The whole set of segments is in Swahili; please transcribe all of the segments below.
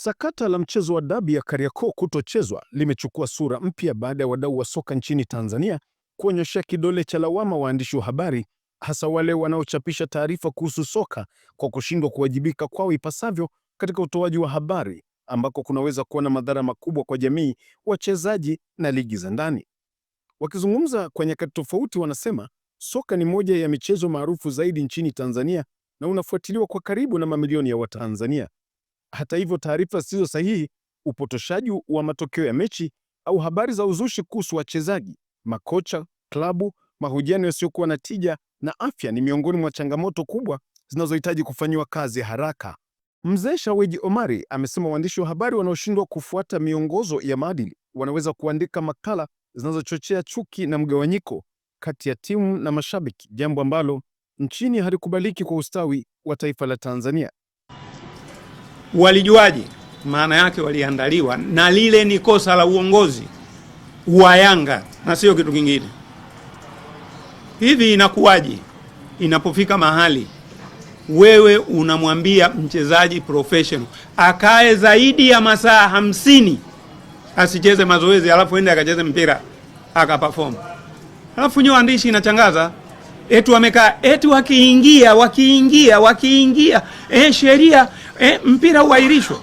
Sakata la mchezo wa dabi ya Kariakoo kutochezwa limechukua sura mpya baada ya wadau wa soka nchini Tanzania kuonyesha kidole cha lawama waandishi wa habari, hasa wale wanaochapisha taarifa kuhusu soka kwa kushindwa kuwajibika kwao ipasavyo katika utoaji wa habari, ambako kunaweza kuwa na madhara makubwa kwa jamii, wachezaji na ligi za ndani. Wakizungumza kwa nyakati tofauti, wanasema soka ni moja ya michezo maarufu zaidi nchini Tanzania na unafuatiliwa kwa karibu na mamilioni ya Watanzania hata hivyo, taarifa zisizo sahihi, upotoshaji wa matokeo ya mechi au habari za uzushi kuhusu wachezaji, makocha, klabu, mahojiano yasiyokuwa na tija na afya ni miongoni mwa changamoto kubwa zinazohitaji kufanyiwa kazi haraka. Mzee Shaweji Omari amesema waandishi wa habari wanaoshindwa kufuata miongozo ya maadili wanaweza kuandika makala zinazochochea chuki na mgawanyiko kati ya timu na mashabiki, jambo ambalo nchini halikubaliki kwa ustawi wa taifa la Tanzania. Walijuaje? Maana yake waliandaliwa, na lile ni kosa la uongozi wa Yanga na sio kitu kingine. Hivi inakuwaje inapofika mahali wewe unamwambia mchezaji professional akae zaidi ya masaa hamsini asicheze mazoezi, alafu ende akacheze mpira akaperform, alafu nyewe waandishi inachangaza eti wamekaa eti wakiingia wakiingia wakiingia eh, sheria eh, mpira uahirishwe.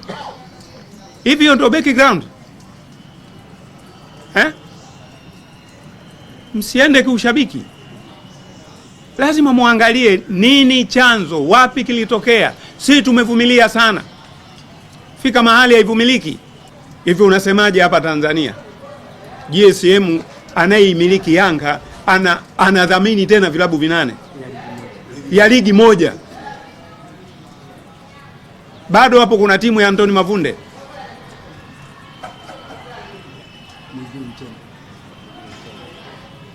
hivi ndio background eh? Msiende kiushabiki, lazima muangalie nini chanzo, wapi kilitokea. Si tumevumilia sana, fika mahali haivumiliki. Hivyo unasemaje hapa Tanzania? GSM anayeimiliki Yanga ana anadhamini tena vilabu vinane ya ligi moja. Bado hapo kuna timu ya Antoni Mavunde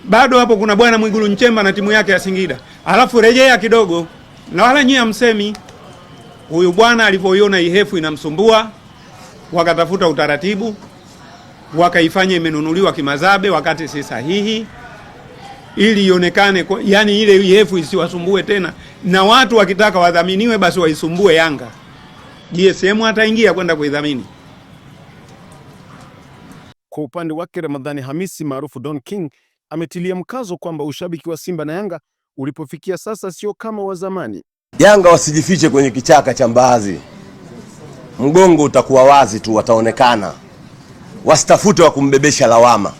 bado hapo kuna bwana Mwigulu Nchemba na timu yake ya Singida. Alafu rejea kidogo, na wala nyie msemi huyu bwana alivyoiona ihefu inamsumbua, wakatafuta utaratibu, wakaifanya imenunuliwa kimazabe, wakati si sahihi ili ionekane, yani ile yefu isiwasumbue tena, na watu wakitaka wadhaminiwe basi waisumbue Yanga. GSM ataingia kwenda kuidhamini. Kwa upande wake Ramadhani Hamisi maarufu Don King ametilia mkazo kwamba ushabiki wa Simba na Yanga ulipofikia sasa sio kama wa zamani. Yanga wasijifiche kwenye kichaka cha mbaazi, mgongo utakuwa wazi tu, wataonekana. Wasitafute wa kumbebesha lawama.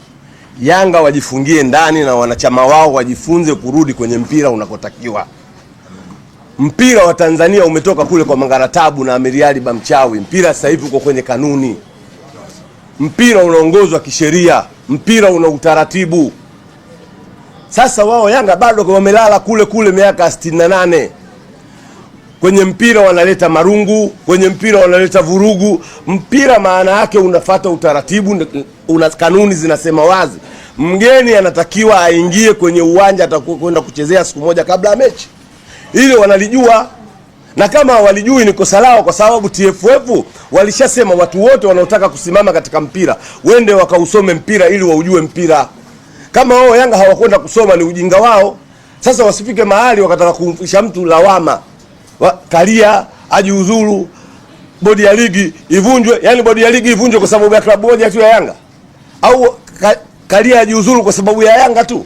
Yanga wajifungie ndani na wanachama wao wajifunze kurudi kwenye mpira unakotakiwa. Mpira wa Tanzania umetoka kule kwa Mangaratabu na Amiriali Bamchawi. Mpira sasa hivi uko kwenye kanuni, mpira unaongozwa kisheria, mpira una utaratibu. Sasa wao Yanga bado wamelala kule kule miaka 68 kwenye mpira wanaleta marungu, kwenye mpira wanaleta vurugu. Mpira maana yake unafata utaratibu, una kanuni zinasema wazi. Mgeni anatakiwa aingie kwenye uwanja atakuwa kwenda kuchezea siku moja kabla ya mechi, ili wanalijua na kama walijui ni kosa lao, kwa sababu TFF walishasema watu wote wanaotaka kusimama katika mpira wende wakausome mpira ili waujue mpira. Kama wao Yanga hawakwenda kusoma, ni ujinga wao. Sasa wasifike mahali wakataka kumfisha mtu lawama. Karia ajiuzuru, bodi ya ligi ivunjwe, yani bodi ya ligi ivunjwe kwa sababu ya klabu moja tu ya Yanga, au ka, Karia ajiuzuru kwa sababu ya Yanga tu?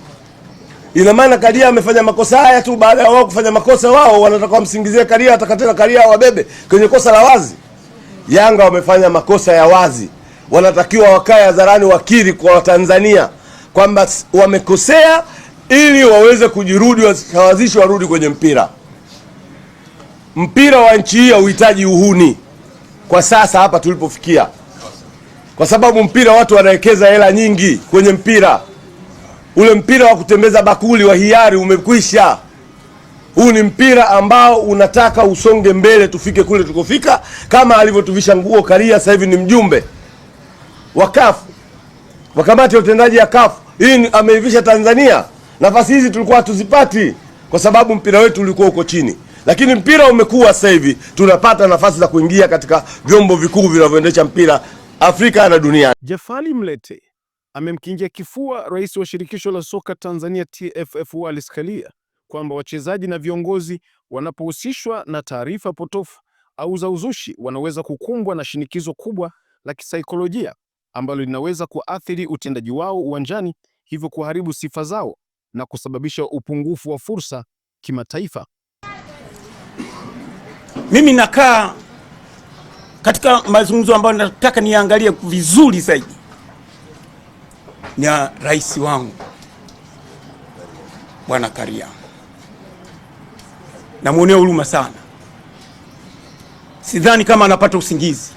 Ina maana Kalia amefanya makosa haya tu, baada ya wao kufanya makosa wao wanataka wamsingizie Karia, atakatena Karia wabebe kwenye kosa la wazi. Yanga wamefanya makosa ya wazi, wanatakiwa wakae hadharani wakiri kwa Watanzania kwamba wamekosea, ili waweze kujirudi, wasawazishwe, warudi kwenye mpira. Mpira wa nchi hii hauhitaji uhuni kwa sasa hapa tulipofikia, kwa sababu mpira, watu wanawekeza hela nyingi kwenye mpira. Ule mpira wa kutembeza bakuli wa hiari umekwisha. Huu ni mpira ambao unataka usonge mbele, tufike kule tukofika, kama alivyotuvisha nguo Karia. Sasa hivi ni mjumbe wa kafu wa kamati ya utendaji ya kafu. Hii ameivisha Tanzania. Nafasi hizi tulikuwa hatuzipati kwa sababu mpira wetu ulikuwa uko chini. Lakini mpira umekuwa sasa hivi tunapata nafasi za kuingia katika vyombo vikuu vinavyoendesha mpira Afrika na duniani. jafali Mlete amemkingia kifua rais wa shirikisho la soka Tanzania TFF Wallace Karia kwamba wachezaji na viongozi wanapohusishwa na taarifa potofu au za uzushi wanaweza kukumbwa na shinikizo kubwa la kisaikolojia ambalo linaweza kuathiri utendaji wao uwanjani, hivyo kuharibu sifa zao na kusababisha upungufu wa fursa kimataifa. Mimi nakaa katika mazungumzo ambayo nataka niangalie vizuri zaidi ni rais wangu Bwana Karia, namwonea huruma sana. Sidhani kama anapata usingizi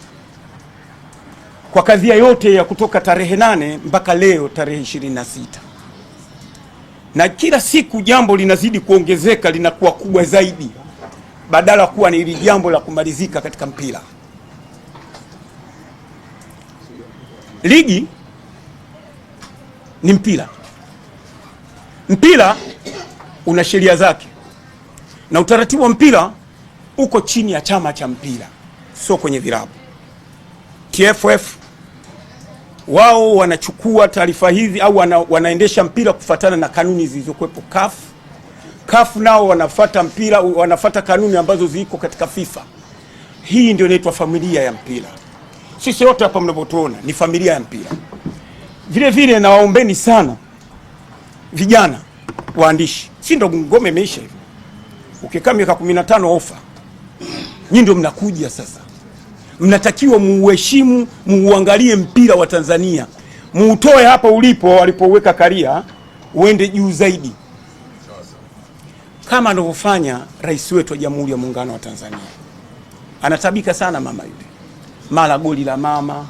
kwa kadhia yote ya kutoka tarehe nane mpaka leo tarehe ishirini na sita na kila siku jambo linazidi kuongezeka linakuwa kubwa zaidi badala kuwa ni hili jambo la kumalizika katika mpira. Ligi ni mpira, mpira una sheria zake na utaratibu wa mpira uko chini ya chama cha mpira, sio kwenye vilabu. TFF wao wanachukua taarifa hizi au wana, wanaendesha mpira kufuatana na kanuni zilizokuwepo CAF Kafu nao wanafata mpira, wanafata kanuni ambazo ziko katika FIFA. Hii ndio inaitwa familia ya mpira. Sisi wote hapa mnapotuona ni familia ya mpira. Vile vile nawaombeni sana vijana waandishi, si ndo ngome imeisha hivi? Ukikaa miaka 15 ofa, nyi ndio mnakuja sasa, mnatakiwa muuheshimu, muuangalie mpira wa Tanzania, muutoe hapa ulipo, walipoweka Karia uende juu zaidi kama anavyofanya rais wetu wa Jamhuri ya Muungano wa Tanzania. Anatabika sana mama yule, mara goli la mama,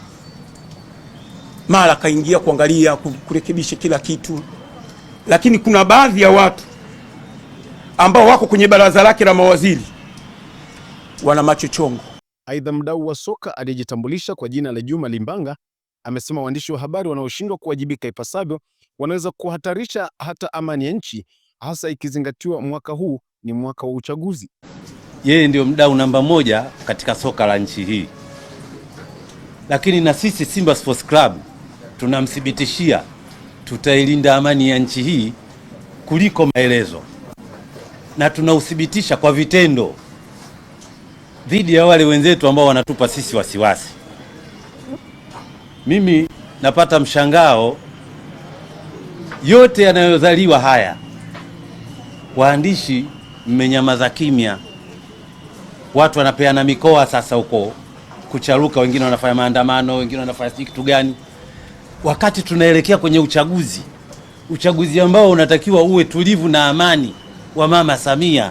mara kaingia kuangalia kurekebisha kila kitu, lakini kuna baadhi ya watu ambao wako kwenye baraza lake la mawaziri wana macho chongo Aidha, mdau wa soka aliyejitambulisha kwa jina la Juma Limbanga amesema waandishi wa habari wanaoshindwa kuwajibika ipasavyo wanaweza kuhatarisha hata amani ya nchi hasa ikizingatiwa mwaka huu ni mwaka wa uchaguzi. Yeye ndio mdau namba moja katika soka la nchi hii, lakini na sisi Simba Sports Club tunamthibitishia tutailinda amani ya nchi hii kuliko maelezo, na tunauthibitisha kwa vitendo dhidi ya wale wenzetu ambao wanatupa sisi wasiwasi. Mimi napata mshangao yote yanayozaliwa haya waandishi mmenyamaza kimya, watu wanapeana mikoa sasa huko kucharuka, wengine wanafanya maandamano, wengine wanafanya sijui kitu gani, wakati tunaelekea kwenye uchaguzi, uchaguzi ambao unatakiwa uwe tulivu na amani wa Mama Samia.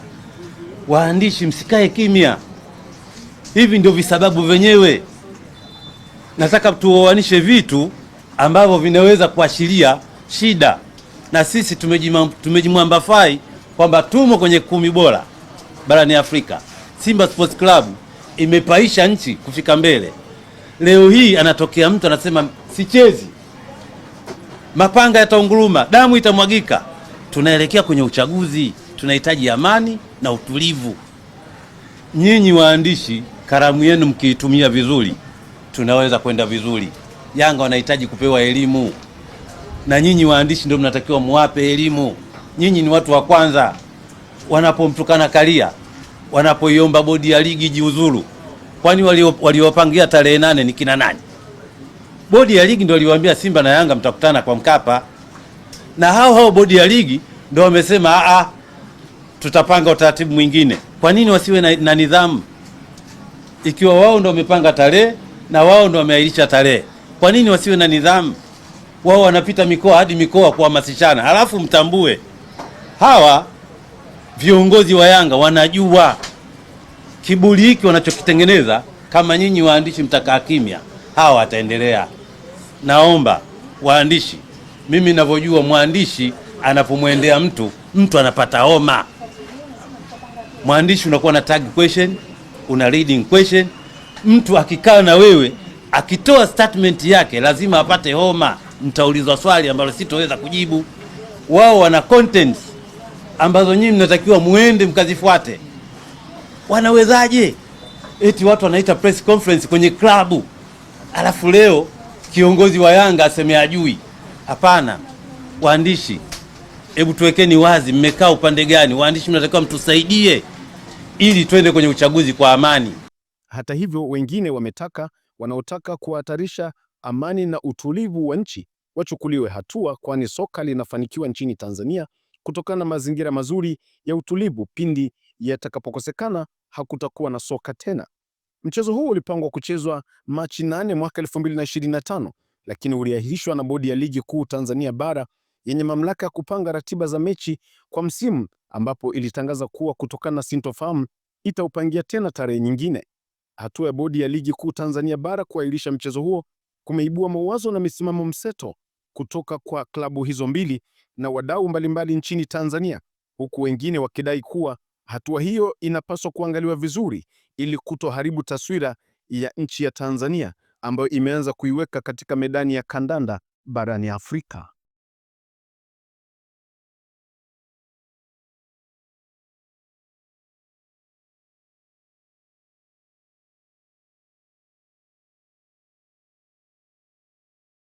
Waandishi msikae kimya, hivi ndio visababu vyenyewe. Nataka tuoanishe vitu ambavyo vinaweza kuashiria shida, na sisi tumejimwambafai kwamba tumo kwenye kumi bora barani Afrika. Simba Sports Club imepaisha nchi kufika mbele. Leo hii anatokea mtu anasema sichezi, mapanga yataunguruma, damu itamwagika. Tunaelekea kwenye uchaguzi, tunahitaji amani na utulivu. Nyinyi waandishi, karamu yenu mkiitumia vizuri, tunaweza kwenda vizuri. Yanga wanahitaji kupewa elimu, na nyinyi waandishi ndio mnatakiwa muwape elimu nyinyi ni watu wa kwanza wanapomtukana Karia, wanapoiomba bodi ya ligi jiuzuru. Kwani waliopangia wali tarehe nane ni kina nani? Bodi ya ligi ndio waliwaambia Simba na Yanga mtakutana kwa Mkapa, na hao hao bodi ya ligi ndio wamesema a ah, a, ah, tutapanga utaratibu mwingine. Kwa nini wasiwe na, na nidhamu ikiwa wao ndio wamepanga tarehe na wao ndio wameahirisha tarehe? Kwa nini wasiwe na nidhamu? Wao wanapita mikoa hadi mikoa kuhamasishana, halafu mtambue hawa viongozi wa Yanga wanajua kiburi hiki wanachokitengeneza. Kama nyinyi waandishi mtakaa kimya, hawa wataendelea. Naomba waandishi, mimi ninavyojua, mwandishi anapomwendea mtu mtu anapata homa. Mwandishi unakuwa na tag question, una leading question. Mtu akikaa na wewe akitoa statement yake lazima apate homa. Mtaulizwa swali ambalo sitoweza kujibu. Wao wana contents ambazo nyinyi mnatakiwa muende mkazifuate. Wanawezaje? Eti watu wanaita press conference kwenye klabu, alafu leo kiongozi wa Yanga aseme ajui Hapana, waandishi, hebu tuwekeni wazi, mmekaa upande gani? Waandishi mnatakiwa mtusaidie ili twende kwenye uchaguzi kwa amani. Hata hivyo, wengine wametaka wanaotaka kuhatarisha amani na utulivu wa nchi wachukuliwe hatua, kwani soka linafanikiwa nchini Tanzania kutokana na mazingira mazuri ya utulivu. Pindi yatakapokosekana, hakutakuwa na soka tena. Mchezo huu ulipangwa kuchezwa Machi 8 mwaka 2025 lakini uliahirishwa na bodi ya ligi kuu Tanzania bara yenye mamlaka ya kupanga ratiba za mechi kwa msimu, ambapo ilitangaza kuwa kutokana na sintofahamu itaupangia tena tarehe nyingine. Hatua ya bodi ya ligi kuu Tanzania bara kuahirisha mchezo huo kumeibua mawazo na misimamo mseto kutoka kwa klabu hizo mbili, na wadau mbalimbali nchini Tanzania, huku wengine wakidai kuwa hatua hiyo inapaswa kuangaliwa vizuri ili kutoharibu taswira ya nchi ya Tanzania ambayo imeanza kuiweka katika medani ya kandanda barani Afrika.